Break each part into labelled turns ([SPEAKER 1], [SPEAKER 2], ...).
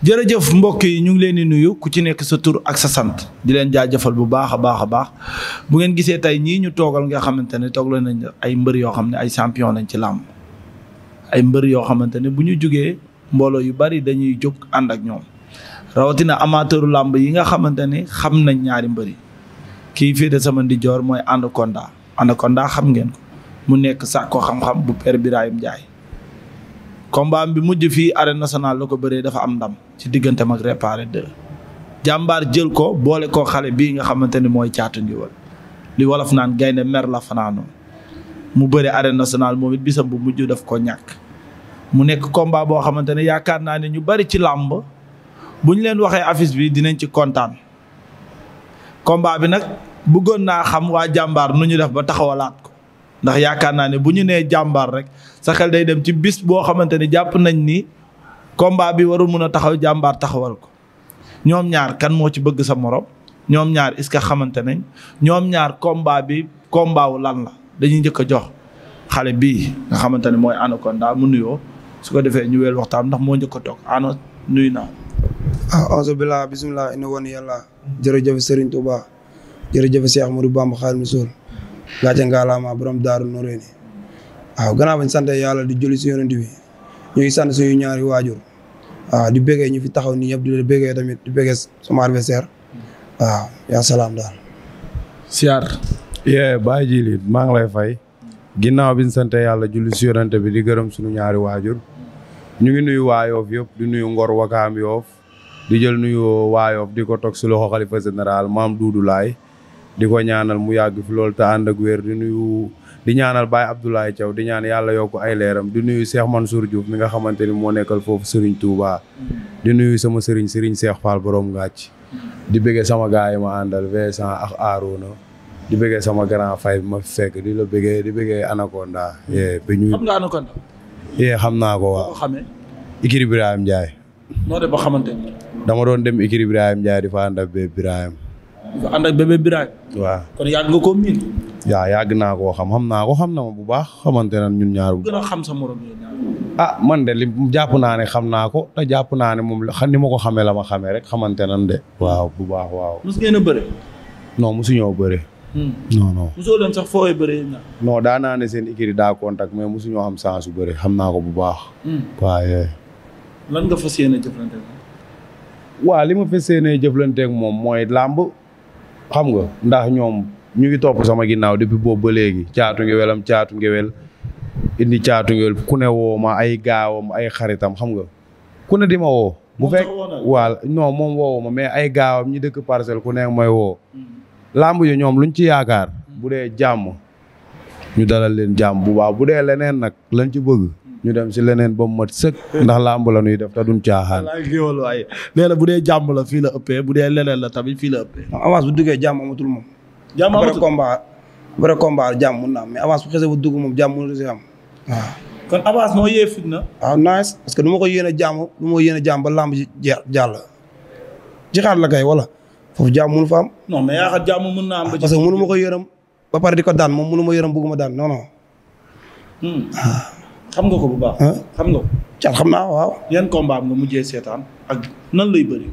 [SPEAKER 1] jërëjëf mbokk yi ñu ngi leen di nuyu ku ci nekk sa tur ak sa sant di leen jaajëfal bu baax a baax a baax bu ngeen gisee tey ñii ñu toogal nga xamante ne toogal nañ ay mbër yoo xam ne ay champion ci làmb ay mbër yoo xamante ne bu ñu jógee mbooloo yu bari dañuy jóg ànd ak ñoom rawatina amateuru làmb yi nga xamante ne xam nañ ñaari mbëri kii fii de sama ndijoor mooy ànd Anaconda xam ngeen mu nekk sax ko xam-xam bu Père Birahim Ndiaye combat bi mujj fii arène nationale la ko bëree dafa am ndam ci diggante mag réparé deux jàmbaar jël ko boole ko xale bii nga xamante ni mooy caatu ndiwal li wolof naan gaynde mer la fanaanoo mu bëre arène nationale moom it bisam bu mujj daf ko ñàkk mu nekk combat boo xamante ne yaakaar naa ne ñu bari ci làmb bu ñu leen waxee affiche bi dinañ ci kontaan komba bi nag bëggoon naa xam waa jàmbaar nu ñu def ba taxawalaat ko ndax yaakaar naa ne bu ñu nee jàmbaar rek sa xel day dem ci bis boo xamante ne jàpp nañ ni combat bi warul mun a taxaw jàmbaar taxawal ko ñoom ñaar kan moo ci bëgg sa morom ñoom ñaar est-ce que xamante nañ ñoom ñaar combat bi combat wu lan la dañuy njëkk a jox xale bi nga xamante ne mooy Anaconda mu nuyoo su ko defee ñu wel waxtaan ndax moo njëkk a toog ano nuyu
[SPEAKER 2] naa. ah auzu billah bismillah ina woon yàlla. jërëjëf Serigne Touba seex Cheikh Ahmadou Bamba Xaadimu Rasuul gàcce ngaalaamaa borom daaru noré ni waaw gannaaw bañ sant yàlla di julli si yonent bi ñu ngi sant suñu ñaari waajur waaw di bëggee ñu fi taxaw nii yëpp di la tamit di bëggee sama adversaire waaw yaa salaam daal
[SPEAKER 3] siyaar yee bàyyi ji li maa ngi lay fay ginnaaw biñ sant yàlla julli si yonent bi di gërëm suñu ñaari waajur ñu ngi nuyu waa yëpp di nuyu Ngor Wakaam Yoff di jël nuyu waa di ko toog si loxo xalifa général maam Doudou Laye di ko ñaanal mu yàgg fi loolu te ànd ak wér di nuyu di ñaanal Baye Abdoulaye Thiaw di ñaan yàlla yokk ay leeram di nuyu Cheikh Mansour Diouf mi nga xamante ni moo nekkal foofu Serigne Touba. di nuyu sama Serigne Serigne Cheikh Fall borom ngàcc di bëggee sama gaay yi ma àndal Vincent ak Arouna di bëggee sama grand fay ma fekk di la bëggee di bëggee Anaconda. ba ñuy xam naa ko waaw. Ikir Ibrahima Ndiaye. noo def ba dama doon dem Ikir Ibrahima Ndiaye di fa ànd ak Ibrahima. dafa ànd ak bébé biraay. waaw kon
[SPEAKER 1] yàgg nga ko miin.
[SPEAKER 3] yaa yàgg naa koo xam xam naa ko xam na ma bu baax xamante ne ñun ñaar. gën
[SPEAKER 1] a xam sa morom
[SPEAKER 3] ah, man de li jàpp naa ne xam naa ko te jàpp naa ne moom la ni ma ko xamee la ma xame rek xamante nan de. waaw bu baax waaw. mos ngeen a bëre. non mosuñoo bëre. a hmm. non. mosoo leen sax fooy ne seen ikiri mais mosuñoo am chance su bëre xam naa ko bu baax. Hmm. waaye. lan nga moom. li ma fas moom mooy làmb. xam nga ndax ñoom ñu ngi topp sama ginnaaw depuis boobu ba léegi caatu ngewelam caatu ngewel indi caatu ngewel ku ne woo ma ay gaawam ay xaritam xam nga ku ne di ma woo. bu fekk waaw non moom woowu ma mais ay gaawam ñu dëkk parcelle ku ne mooy woo. làmb ji ñoom luñ ci yaakaar bu dee jàmm ñu dalal leen jàmm bu baax bu dee leneen nag lañ ci bëgg. ñu dem si leneen ba mu mat sëkk ndax làmb la ñuy def te duñ caaxaan. géwal waaye nee na bu dee jàmm la fii la ëppee bu dee leneen la tamit fii la ëppee. avance bu duggee jàmm amatul moom.
[SPEAKER 2] jàmm amatul combat vrai combat jàmm mun na am mais avance bu xasee bu dugg moom jàmm mun na si am waaw. Ah.
[SPEAKER 1] kon avance moo yee fit na.
[SPEAKER 2] waaw ah, nice parce que du ma ko yéene jàmm du ma ko yéene jàmm ba làmb ji jàll. ci xaar la kay wala foofu jàmm mun fa am. non mais yaa xam jàmm mun na am. Ah, parce que mënu ma ko yërëm ba pare di ko daan moom mënu ma yërëm bëgguma daan non non. Hmm. xam nga ko bu baax. xam nga ko. xam naa waaw. yan combat am nga mujjee seetaan ak nan lay bëri.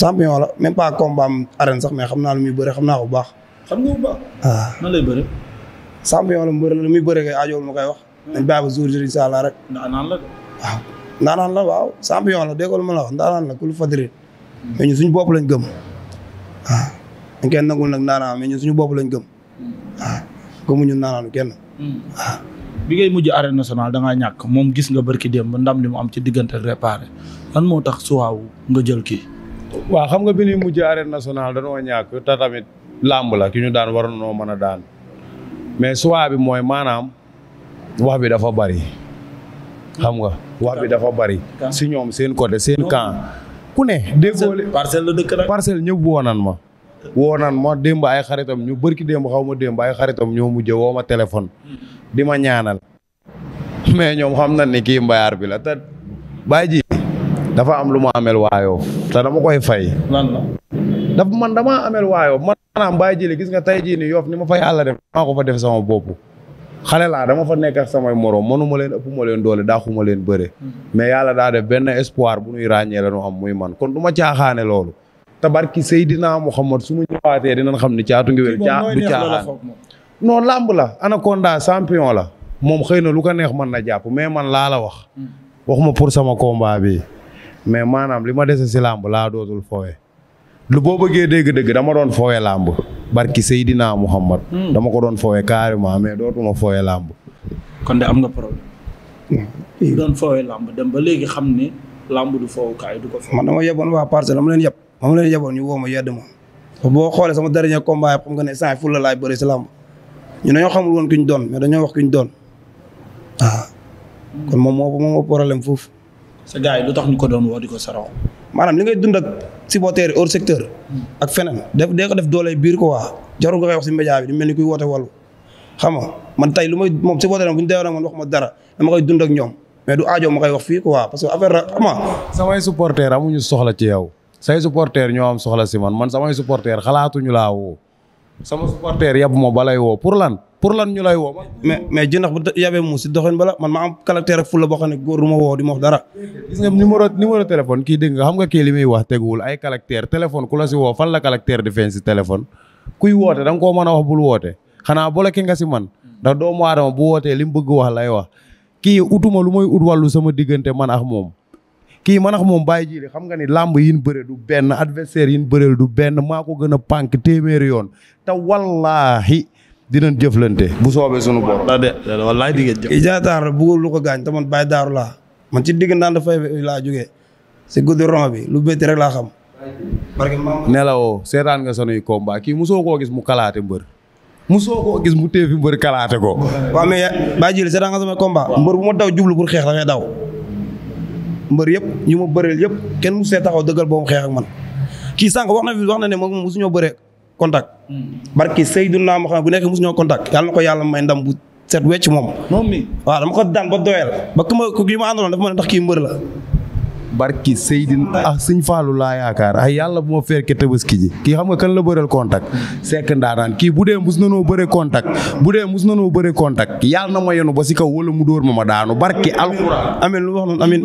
[SPEAKER 2] champion la même pas combat am sax mais xam naa lu muy bëri xam naa bu baax. xam nga bu baax. waaw ah. la mu bëri lu muy bëri kay koy wax. dañ bàyyi ba jour insha Allah rek. la waaw ndaanaan la waaw nga lu ma la wax ndaanaan la hmm. bopp lañ gëm. waaw ah. dañ koy nag ndaanaan mais ñun suñu bopp lañ gëm. waaw hmm. ah. gëmuñu ndaanaanu kenn. waaw. Hmm.
[SPEAKER 1] bi ngay mujj arène nationale da ngaa ñàkk moom gis nga bërki démb ndam li mu am ci diggante réparé lan moo tax suwaaw
[SPEAKER 3] nga jël ki waaw xam nga bi ñuy mujj arène nationale danoo ñàkk te tamit làmb la ki ñu daan waroon noo mën a daan mais suwaa bi mooy maanaam wax bi dafa bari. xam nga wax bi dafa bari. si ñoom seen côté seen camp. ku ne déggoo parcelle la dëkk parcelle ñëpp woo nan ma. woo naan ma démb ay xaritam ñu bërki démb xaw ma démb ay xaritam ñoo mujjee woo ma téléphone. di ma ñaanal. mais ñoom xam na ni kii mbayaar bi la te bàyyi ji. dafa am lu ma amel waayoo te dama koy fay. lan la daf man amel waayoo man maanaam bàyyi ji li gis nga tey jii ni yoof ni ma fa yàlla def maa ko fa def sama bopp. xale laa dama fa nekk ak samay moroom mënuma leen ëpp ma leen doole daaxuma leen bëre. Hmm. mais yàlla daa def benn espoir bu nuy ràññee la nu am muy man kon du ma caaxaane loolu. tabarki Seydina Muhammad su ma ñëwaatee dinañ xam ne caatu ngi wér du caa non làmb la Anaconda champion la moom xëy na lu ko neex man na jàpp mais man laa la wax mm. waxuma pour sama combat bi mais maanaam li ma dese si làmb laa dootul foowe lu boo bëggee dégg-dégg dama doon foowe làmb barki Seydina Muhammad mm. dama ko doon foowe carrément mais dootuma foowe làmb kon de am nga problème
[SPEAKER 1] doon foowe làmb dem ba léegi xam ne làmb du foowukaay du ko man dama
[SPEAKER 2] yeboon waa parcelle dama moom ma yaboon ñu woo ma yedd ma boo xoolee sama dernier combat yi xam nga ne saa fu la laay bëri si xamul woon ki ñu doon mais dañoo wax ki ñu doon waaw. kon moom moo moom moo problème foofu. sa gars yi lu tax ñu ko doon woo di ko saraw. maanaam li ngay dund ak supporter hors secteur. ak feneen def dee ko doole biir quoi jarul nga koy wax si média bi mel ni kuy woote wàllu. xam nga man tey lu may moom supporter bu ñu deewoon ak man wax ma dara dama koy dund ak ñoom mais du aajo ma koy wax fii quoi parce que affaire la xam nga.
[SPEAKER 3] samay supporter amuñu soxla ci yow. say supporters ñoo am soxla si man man samay supporters xalaatuñu laa woo sama supporter yab ma balay woo pour lan pour lan ñu lay woo. mais mais jëndax bu yabee mu si doxin bala man ma am caractère ak fulla boo xam ne góor du ma woo di ma dara. gis nga numéro numéro kii dégg nga xam nga kii li may wax teguwul ay caractère téléphone ku la si woo fan la caractère di feeñ si téléphone. kuy woote da koo mën a wax bul woote xanaa bloqué nga si man ndax doomu aadama bu wootee li mu bëgg wax lay wax kii utuma lu muy ut wàllu sama diggante man ak moom. kii man ak moom bàyyi jiili xam nga ni làmb yin bëre du benn adversaire yin bëreel du benn maa ko gën a pànk téeméeri yoon te wallaahi dinañ jëflante bu soobee sunu borom da de wallaahi di ngeen
[SPEAKER 2] lu ko gaañ te man bàyyi daaru laa man ci digg ndaan dafay laa jógee si guddi ron bi lu bétti rek laa xam
[SPEAKER 3] nelawoo seetaan nga sanuy combat kii musoo koo gis mu kalaate mbër musoo koo gis mu téefi mbër kalaate ko waaw mais bàyyi jiili seetaan nga samay combat
[SPEAKER 2] mbër bu ma daw jublu xeex la daw mbër yëpp ñu ma bëreel yëpp kenn mu see taxaw dëggal boobu xeex ak man kii sànq wax na fi wax na ne moom mosuñoo bëree contact. Hmm. barki Seydina Muhammad bu nekk mosuñoo contact yàlla na ko yàlla may ndam bu set wecc moom. moom mi waaw dama ko daan ba doyal. ba ku ma ku li ma àndaloon dafa ma ne ndax kii mbër la.
[SPEAKER 3] barki Seydine a ah, sëñ Fallou laa yaakaar ay yàlla bu ma fekkee tabaski ji kii xam nga kan la bëreel contact sekk ndaanaan kii bu dee mus nanoo bëre contact bu dee mus nanoo bëre contact yàlla na ma yenu ba si kaw wala mu dóor ma ma daanu barki alxuraan amin lu wax noonu amin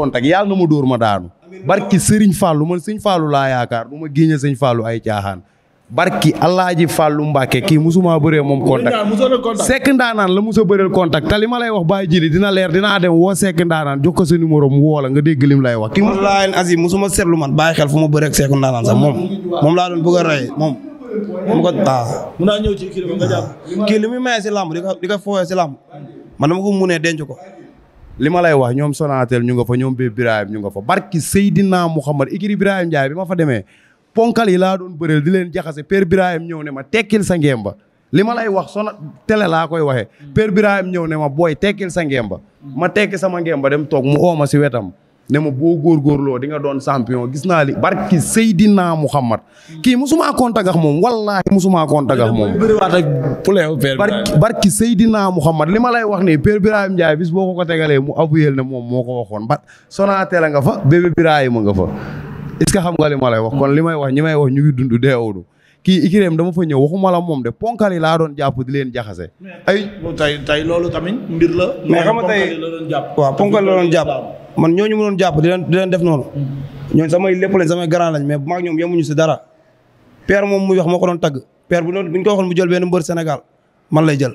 [SPEAKER 3] contact yàlla na ma dóor ma daanu barki sëriñ Fallou man sëñ Fallou laa yaakaar du ma génne sëñ Fallou ay caaxaan barki Alaaji Fàllu Mbàkke kii musuma bëree moom contact sekk ndaanaan la musa bëreel contact te li ma lay wax bàyyi jili dina leer dina dem woo sekk ndaanaan jox ko sa numéro mu woo la nga dégg lim lay wax kii wallaahi azim musuma seetlu man bàyyi fu ma bëree ak sekk ndaanaan moom moom laa doon bëgg
[SPEAKER 2] ah.
[SPEAKER 3] li muy maye si làmb di ko di ko si làmb man dama ko munee denc ko li ma lay wax ñoom Sonatel ñu nga fa ñoom bé Birahim ñu nga fa barki Seydina Mouhamad ikiri Birahim Ndiaye bi ma fa demee ponkal yi laa doon bëreel di leen jaxase père Birahim ñëw ne ma tekkil sa ngemba li ma lay wax sona tele laa koy waxee mm. père Birahim ñëw ne ma booy tekkil sa ngemba ma tekki sama ngemba dem toog mu ooma si wetam ne ma boo góorgóorloo di nga doon champion gis naa li barki Seydina Muhammad kii musumaa contact ak moom wallaahi musumaa contact ak moom barki barki Seydina Muhammad li ma lay wax nii Père Birahim Ndiaye bis boo ko ko tegalee mu abuyel ne moom moo ko waxoon ba Sonatel a nga fa bébé Birahima nga fa est-ce que xam nga li ma lay wax kon li may wax may wax ñu ngi dund deewuñu kii Ikiréem dama fa ñëw waxuma moom de ponkal yi laa doon jàpp di leen jaxase.
[SPEAKER 1] ay tey tey loolu tamit mbir la. mais xam nga tey waaw la doon jàpp
[SPEAKER 3] man ñooñu mu doon jàpp di leen di leen def noonu. Mm-hmm.
[SPEAKER 2] ñooñu samay lépp lañ samay grand lañ mais bu maag ñoom yemuñu si dara. père moom mu wax moo ko doon tagg père bu doon bu ñu ko waxoon mu jël benn mbër Sénégal man lay jël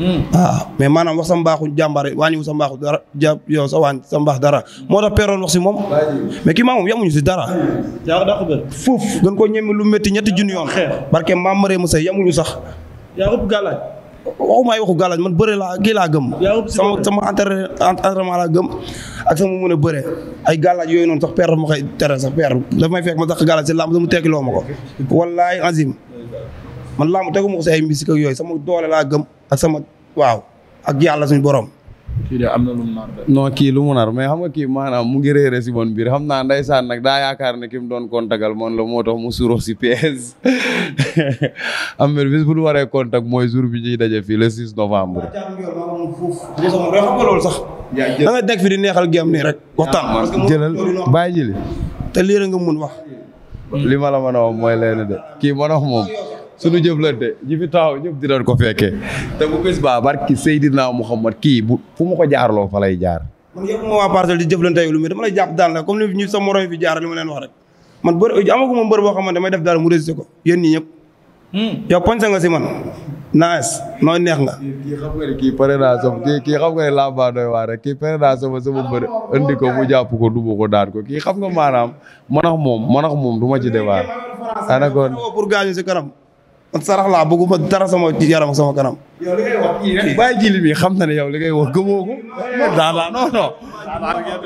[SPEAKER 2] waaw ah. mais maanaam wax sa mbaaxu jàmbaare wàññiwu sa mbaaxu dara ja yow sa wàññ sa mbaax dara moo tax si moom mais kii maa moom si dara foof gën ko ñeme lu metti ñetti junni yoon barke maam maree musa yamuñu sax waxu maay waxu gàllaaj man bëre laa kii laa gëm sama sama entraînement laa gëm ak sama mën a bëre ay gàllaaj yooyu noonu sax père daf ma koy tere sax père daf may fekk ma sax gàllaaj si làmb sama tekki loo ma ko wallaahi azim man làmb teguma ko si ay musique ak yooyu sama doole laa gëm ak sama waaw ak yàlla suñu borom. kii de am na lu
[SPEAKER 3] mu kii lu mu nar mais xam a kii maanaam mu ngi réeré si bon biir xam naa ndeysaan nag daa yaakaar ne ki mu doon kontagal moom la moo tax mu suuroo si PS am na bis bu ñu waree contact mooy jour bi ñuy daje fii le 6 novembre. da nga nekk di neexal gem nii rek. waxtaan ah, jëlal bàyyi ji te lii nga mun wax. li ma la mën a mooy leen de kii mën a wax moom. suñu jëflante ñi fi taxaw ñëpp dinañ ko fekkee te bu bés baa mu Seydina Muhammad kii bu fu ma ko jaarloo fa lay jaar
[SPEAKER 2] man yëpp ma waa parcelle lu mu dama jàpp daal nag comme sa morom fi jaar li ma leen wax rek man bër amaguma mbër mu résister ko yéen ñi ñëpp
[SPEAKER 3] hmm. yow poñse si man naas nooy neex nga kii xam nga ne kii pare naa sama kii kii xam nga ne lamba doy waar rek ko jàpp ko dubu ko daan ko kii xam nga maanaam manax moom manax moom du ma ci débat daanaka pour man sarax laa bëgguma dara sama yaram ak sama kanam.
[SPEAKER 2] yow li ngay wax kii rek Baye
[SPEAKER 3] Djily bi xam na ne yow li ngay wax gëmoo ko. daanaka non non.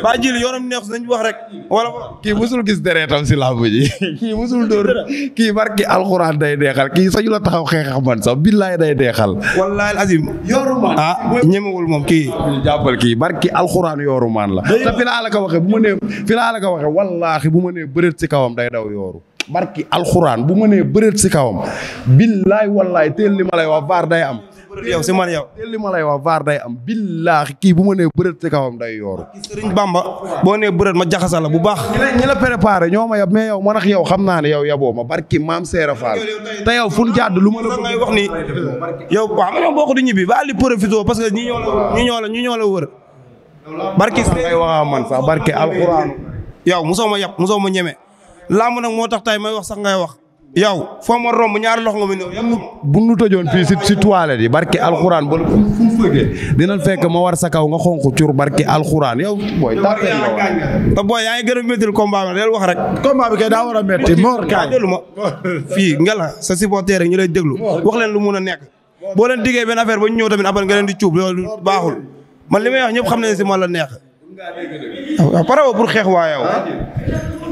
[SPEAKER 3] Baye Djily yoonam wax rek. wala kii musul gis deretam si làmb ji kii musul dóor kii barki alxuraan day deexal kii sañu la taxaw xeexax man sax billaay day deexal. wallaahi azim yorumaan ah ñemewul moom kii. jàppal kii barki alxuraan yorumaan la. te fi la ko waxee bu ma nee laa la ko waxee wallaahi bu ma nee bërët si kawam day daw yooru. barki alxuraan bu mënee bëreet si kawam billaay wallaay teel li ma lay wax vaar day am. yow si man yow teel li ma lay wax vaar day am billaahi kii bu ma nee bëreet si kawam day yooru. Bamba boo nee bëreet ma jaxasa bu baax. ñi la préparé ñoo ma yab mais yow man ak yow xam naa ne yow yaboo ma barki maam Seera Fall te yow fu ñu jàdd lu ma la ngay wax ni parce que ñi ñoo
[SPEAKER 2] la ñi ñoo la ñi ñoo la wër. barki ngay wax man sax barki alxuraan yow musoo ma yab musoo ma ñeme làmb nag moo tax tay may wax sax ngay wax. yow foo ma romb ñaari
[SPEAKER 3] loxo nga ma ñëw yam bu nu tëjoon fii si si toilette yi barki alxuraan ba fu mu fëggee dinañ fekk ma war sa kaw nga xonq cur barki alxuraan yow. booy tàppee nga wax te yaa ngi gën a
[SPEAKER 2] métti combat bi del wax rek. combat bi kay daa war a métti Mor Kañ. ma fii nga la sa supporter rek ñu lay déglu wax leen lu mun a nekk boo leen diggee benn affaire ba ñu ñëw tamit après nga di cuub loolu baaxul man li may wax ñëpp xam nañ si mal la neex.
[SPEAKER 3] waaw pare woo pour xeex waa yow.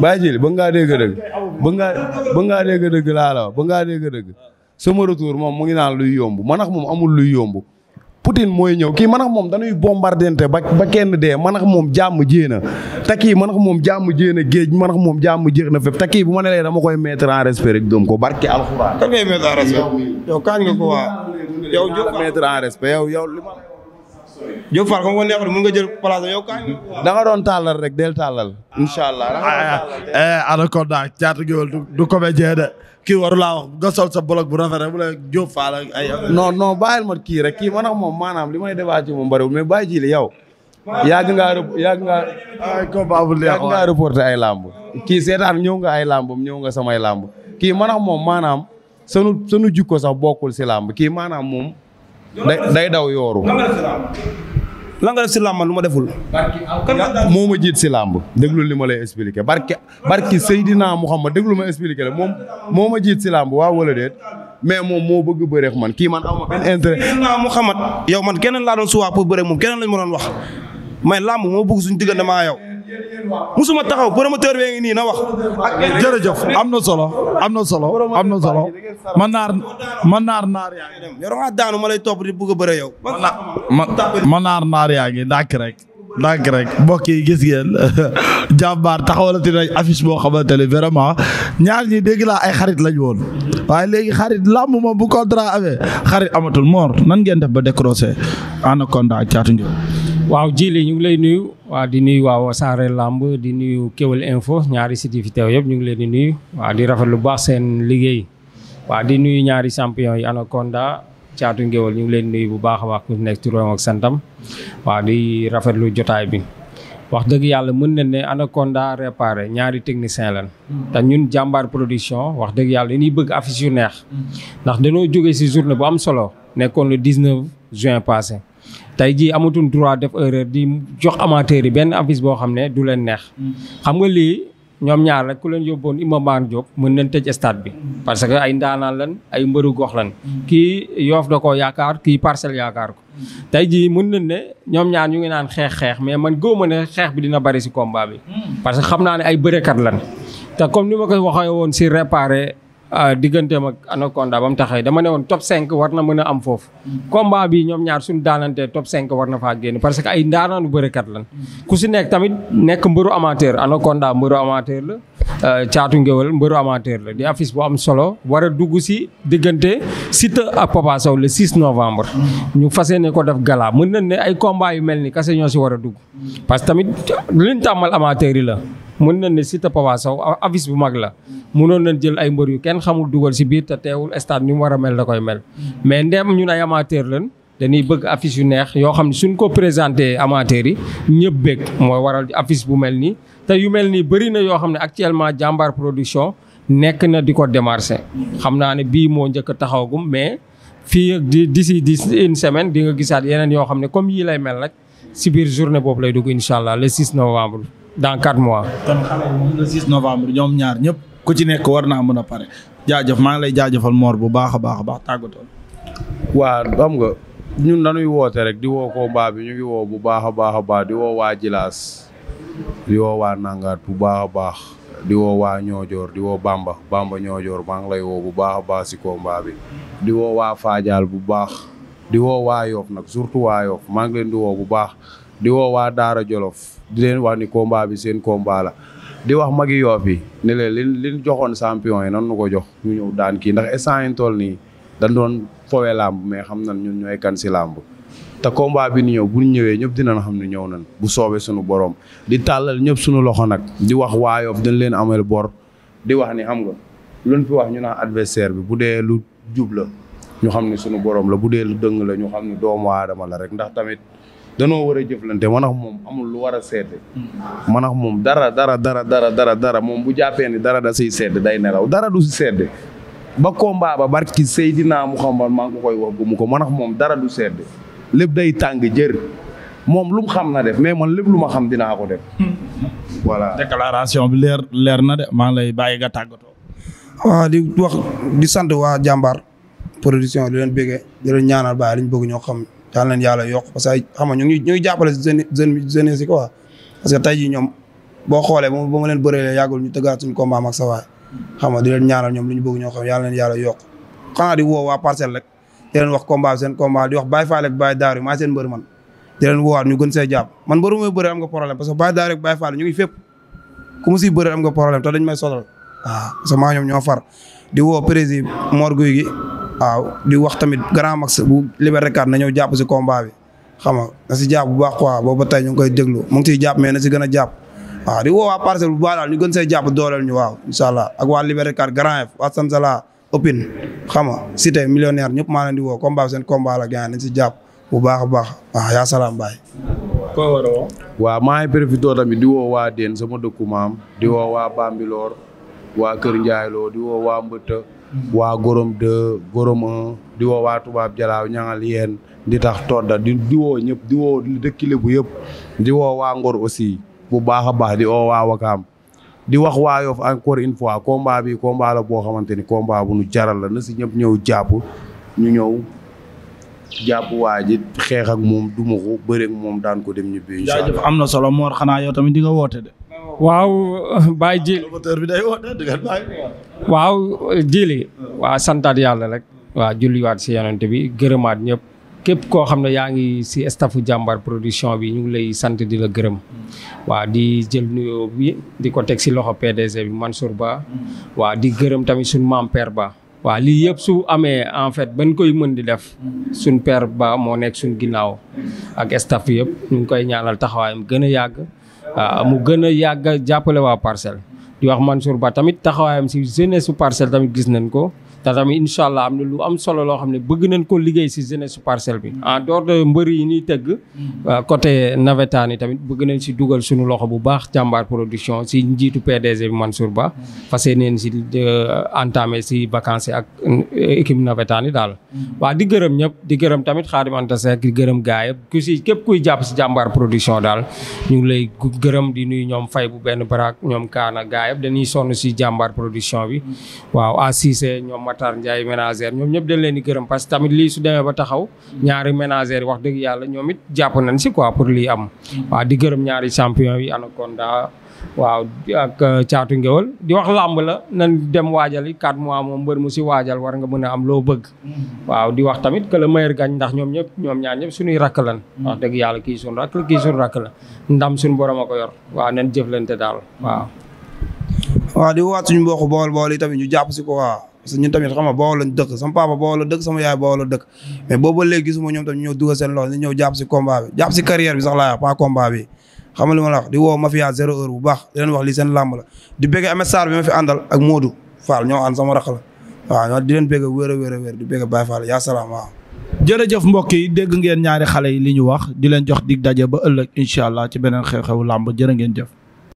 [SPEAKER 3] baa jëli ba ngaa dégg dëgg ba ngaa ba ngaa dégg dëgg laa la ba ngaa dégg dëgg sama retour moom mu ngi naan luy yomb ma nax moom amul luy yomb. Poutine mooy ñëw kii man ak moom dañuy bombardente ba ba kenn dee man ak moom jàmm jéena te kii man ak moom jàmm jéena géej man ak moom jàmm jéex na fépp te bu ma ne dama koy mettre en respect rek doom ko barke alxuraan. yow kañ nga Diop Fall ko neexoon mun nga jël place yow kaay da nga doon tàllal rek del tàllal. incha allah ah, ah, ah. eh, Anaconda caatu géwél du comédien de kii waru laa wax nga sol sa blog bu rafet rek bu la Diop Fall ak ay. non non bàyyil kii rek moom maanaam li may débat ci moom bëriwul mais bàyyi jiile yow. yàgg ngaa yàgg ngaa. ay combat bu neex ngaa reporté ay làmb. kii seetaan ñëw nga ay làmbam ñëw nga samay làmb kii man ak moom maanaam sunu sunu jikko sax si làmb kii maanaam moom. day daw yooru lan nga def si làmb man lu ma deful. moo ma jiit si làmb déglu li ma lay expliqué barke barke Seydina Muhammad déglu ma expliqué la moom moo ma jiit si làmb waaw wala déet mais moom moo bëgg bëreex man kii man am ma benn intérêt. Seydina Muhammad yow man keneen laa doon suwaa
[SPEAKER 2] pour bëreex moom keneen lañ ma doon wax mais làmb moo bëgg suñu diggante maa yow. ma taxaw promoteur bee ngi nii na wax. jërëjëf am na solo am na solo am na solo
[SPEAKER 1] man naar naar naar yaa ma lay topp di bugg a bëre yow. man naar naar yaa ngi dàkk rek. dànk rek mbokk yi gis ngeen jàmbaar taxawalati nañ affiche boo xamante ne vraiment ñaar ñi dégg ay xarit lañ woon waaye léegi xarit làmb moom bu contrat amee xarit amatul moor nan ngeen def ba décroché Anaconda
[SPEAKER 4] ak Caatu Njool waaw jili ñu ngi lay nuyu waa di nuyu waa Wassare Lamb di nuyu Kewel Info ñaari site yi yëpp ñu ngi leen di nuyu waa di rafet lu baax seen liggéey waa di nuyu ñaari champion yi Anaconda caatu ngéwal ñu ngi leen nuyu bu baax a baax ku nekk turam ak santam waaw di rafetlu jotaay bi wax dëgg yàlla mën na ne Anaconda réparé ñaari technicien lan te ñun jàmbaar production wax dëgg yàlla dañuy bëgg affiche yu neex ndax dañoo jógee si journée bu am solo nekkoon le 19 juin passé tey jii amatuñ droit def erreur di jox amateur yi benn avis boo xam ne du leen neex. xam nga lii ñoom ñaar rek ku leen yóbboon Iba Mar Diop mën nañ tëj stade bi. parce que ay lan ay mbëru gox lan. kii Yoff da koo yaakaar kii Parcelles yaakaar ko. tey jii mën nañ ne ñoom ñaar ñu ngi naan xeex xeex mais man góoma ne xeex bi dina bari ci combat bi. Hmm. parce que xam naa ne ay bërekat lan. te comme ni ma ko waxee woon réparé Ah, diggante ak Anaconda ba mu taxawee dama ne woon top 5 war na mën a am foofu. combat bi ñoom ñaar suñu daanantee top 5 war na faa génn parce que ay ndaanaanu bërekat lan ku si nekk tamit nekk mbëru amateur Anaconda mbëru amateur la. Ah, caatu ngéwél mbëru amateur la di affiche bu am solo war a dugg si diggante Siteu ak Papa Sow le 6 novembre. ñu fas yéene ko def gala mën nañ ne ay combat yu mel ni kase ñoo si war a dugg. parce que tamit luñ tàmmal amateur yi la. mën nañ ne si Papa Sow bu mag la mënoon nañ jël ay mbër yu kenn xamul dugal si biir te teewul stade ni mu war a mel da koy mel mais ndem ñun ay amateur lañ dañuy bëgg affiche yu neex yoo xam ne suñ ko présenter amateurs yi ñëpp bëgg mooy waral affiche bu mel nii te yu mel nii bëri na yoo xam ne actuellement jàmbaar production nekk na di ko démarché xam naa ne bii moo njëkk a taxawagum mais fii ak di d'ici une semaine di nga gisaat yeneen yoo xam ne comme yii lay mel rek si biir journée boobu lay dugg incha allah le 6 novembre dans quatre mois.
[SPEAKER 1] ñoom ñaar ñëpp ku ci nekk war naa mën a pare
[SPEAKER 4] jaajëf maa ngi lay jaajëfal moor
[SPEAKER 1] bu baax a baax a baax tàggatoo.
[SPEAKER 3] waa xam nga ñun dañuy woote rek di woo combat bi ñu woo bu baax a baax a baax di woo waa Jilaas di woo waa Nangaat bu baax a baax di woo waa Ñoojoor di woo Bamba Bamba Ñoojoor maa ngi lay woo bu baax a baax si combat bi di woo waa Fadial bu baax di woo waa Yoff nag surtout waa Yoff maa ngi di woo bu baax. di woo waa Daara Jolof di leen wax ni combat bi seen combat la di wax magi Yoff yi ne leen li joxoon sampion yi nan nu ko jox ñu ñëw daan kii ndax instant yi toll nii dañ doon fowe làmb mais xam na ñu ñooy kan si làmb te combat bi nu ñëw bu ñëwee ñëpp dinañ xam ne ñëw nañ bu soobee suñu borom di tàllal ñëpp suñu loxo nag di wax waa Yoff dañ leen ameel bor di wax ni xam nga luñ fi wax ñu naan adversaire bi bu dee lu jubla ñu xam ne suñu borom la bu dee lu dëng la ñu xam ne doomu aadama la rek ndax tamit danoo war a jëflante man ak moom amul lu war a sedd. Hmm. man ak moom dara dara dara moom bu jàppee ni dara da siy sedd day nelaw dara du sedd. ba combat ba barki Seydina Muhammad maa ngi ko koy wax gumu ko man moom dara du sedd lépp day tàng jër moom lu mu xam na def mais man lépp lu ma xam dina ko def. Hmm. voilà
[SPEAKER 1] déclaration bi leer leer na de maa ngi lay bàyyi nga tàggatoo.
[SPEAKER 3] waaw di wax di sant waa
[SPEAKER 2] jàmbaar production di leen bëggee di ñaanal bàyyi li ñu bëgg ñoo xam. yal yokk parce ñoom boo xoolee ba ma leen bëree yàggul ñu tëggaat suñu combat ak seen combat man di leen woowaat ñu gën see jàpp man mbëru mooy bëri am nga ñu may solal waaw parce maa ñoom ñoo far di woo président Mor Guy gi waaw di wax tamit grand max bu Liberté 4 na ñëw jàpp si combat bi nga na si jàpp bu baax quoi boobu ba tey ñu ngi koy déglu mu ngi siy jàpp si gën a jàpp. waaw di woo waa ñu gën see jàpp dooleel ñu waaw incha allah ak waa Liberté 4 grand F waa Sansala Opine xam nga cité millionnaire ñëpp maa leen di woo combat seen combat la gars si jàpp bu baax a baax waaw yaa salaam
[SPEAKER 3] baay. koo a woo. maa ngi tamit di woo waa Dén sama dëkku maam di woo waa Bambilor waa Kër Ndiaye di woo waa Mbëtta waa Gorom 2 Gorom di woo waa tubaab jalaaw ñangal yeen di tax todda di di woo ñëpp di woo dëkki Lebu yëpp di woo waa Ngor aussi bu baax a baax di woo waa Wakaam di wax waa Yoff encore une fois combat bi combat la boo xamante ni combat nu jaral la na si ñëpp ñëw jàpp ñu ñëw jàpp waa ji xeex moom duma ko bëre moom daan ko dem ñibbi. incha am
[SPEAKER 1] na solo Mor xanaa tamit di woote waaw
[SPEAKER 4] Baye Jili waaw Jili waaw santaat yàlla rek waa julliwaat si yonent bi gërëmaat ñëpp képp koo xam ne yaa ngi si staffu jàmbar production bi ñu ngi lay sant di la gërëm waa di jël nuyoo bi di ko teg si loxo PDG bi Mansour Ba waa di gërëm tamit sun maam père Ba waa lii yëpp su amee en fait bañ koy mën di def suñ père Ba moo nekk suñ ginnaaw ak staff yëpp ñu ngi koy ñaanal taxawaayam gën a yàgg Euh, mu gën a yàgg jàppale waa parcelle di wax Mansour Ba tamit taxawaayam si jeunesse su parcelle tamit gis nañ ko te tamit incha allah am lu am solo loo xam ne bëgg nañ ko liggéey si su parcelle bi. en dehors de mbër yi ñuy tëgg. Mm. Euh, côté nawetaan yi tamit bëgg nañ si dugal suñu loxo bu baax jàmbaar production si njiitu PDG bi Mansour Ba. Mm. fas yéeneen si euh, entamé si vacances ak euh, équipe nawetaan daal. Mm. waa di gërëm ñëpp di gërëm tamit Xaadim Anta Seck gërëm gaay yëpp ku si képp kuy jàpp si jàmbaar production daal ñu ngi lay gërëm di nuyu ñoom fay bu benn baraak ñoom Kaana gaay yëpp dañuy sonn si jàmbaar production bi Matar Ndiaye ménagère ñoom ñëpp dañ leen di gërëm parce que tamit lii su demee ba taxaw ñaari ménagère wax dëgg yàlla ñoom it jàpp nañ si di gërëm ñaari champion yi Anaconda waaw ak euh, caatu ngéwal di wax làmb la nañ dem waajal yi mois moom mbër mu si waajal war nga mën a am loo bëgg waaw di wax tamit que le meilleur gagne ñoom ñëpp ñoom ñaar ñëpp suñuy rakk lan dëgg yàlla kii suñu rakk la kii suñu la ndam suñu borom a ko yor daal
[SPEAKER 2] parce que tamit xam nga Bawol dëkk sama papa Bawol la dëkk sama yaay Bawol la dëkk mais boobu ba léegi gisuma ñoom tam ñu ñëw dugal seen loxo ñu ñëw jàpp si combat bi si carrière bi sax laa wax pas combat bi ma la wax di woo mafia zéro heure bu baax di leen wax li seen làmb la di bëgg Amet Sarr bi ma fi àndal ak Modou Fall ñoo ànd sama rax la waaw di leen bëgg wër a wéer a wéer di bëgg Baye Fall yaa salaam waaw
[SPEAKER 1] jërëjëf mbokk yi dégg ngeen ñaari xale yi li ñu wax di leen jox dig daje ba ëllëg incha allah ci beneen xew-xewu jërë ngeen jëf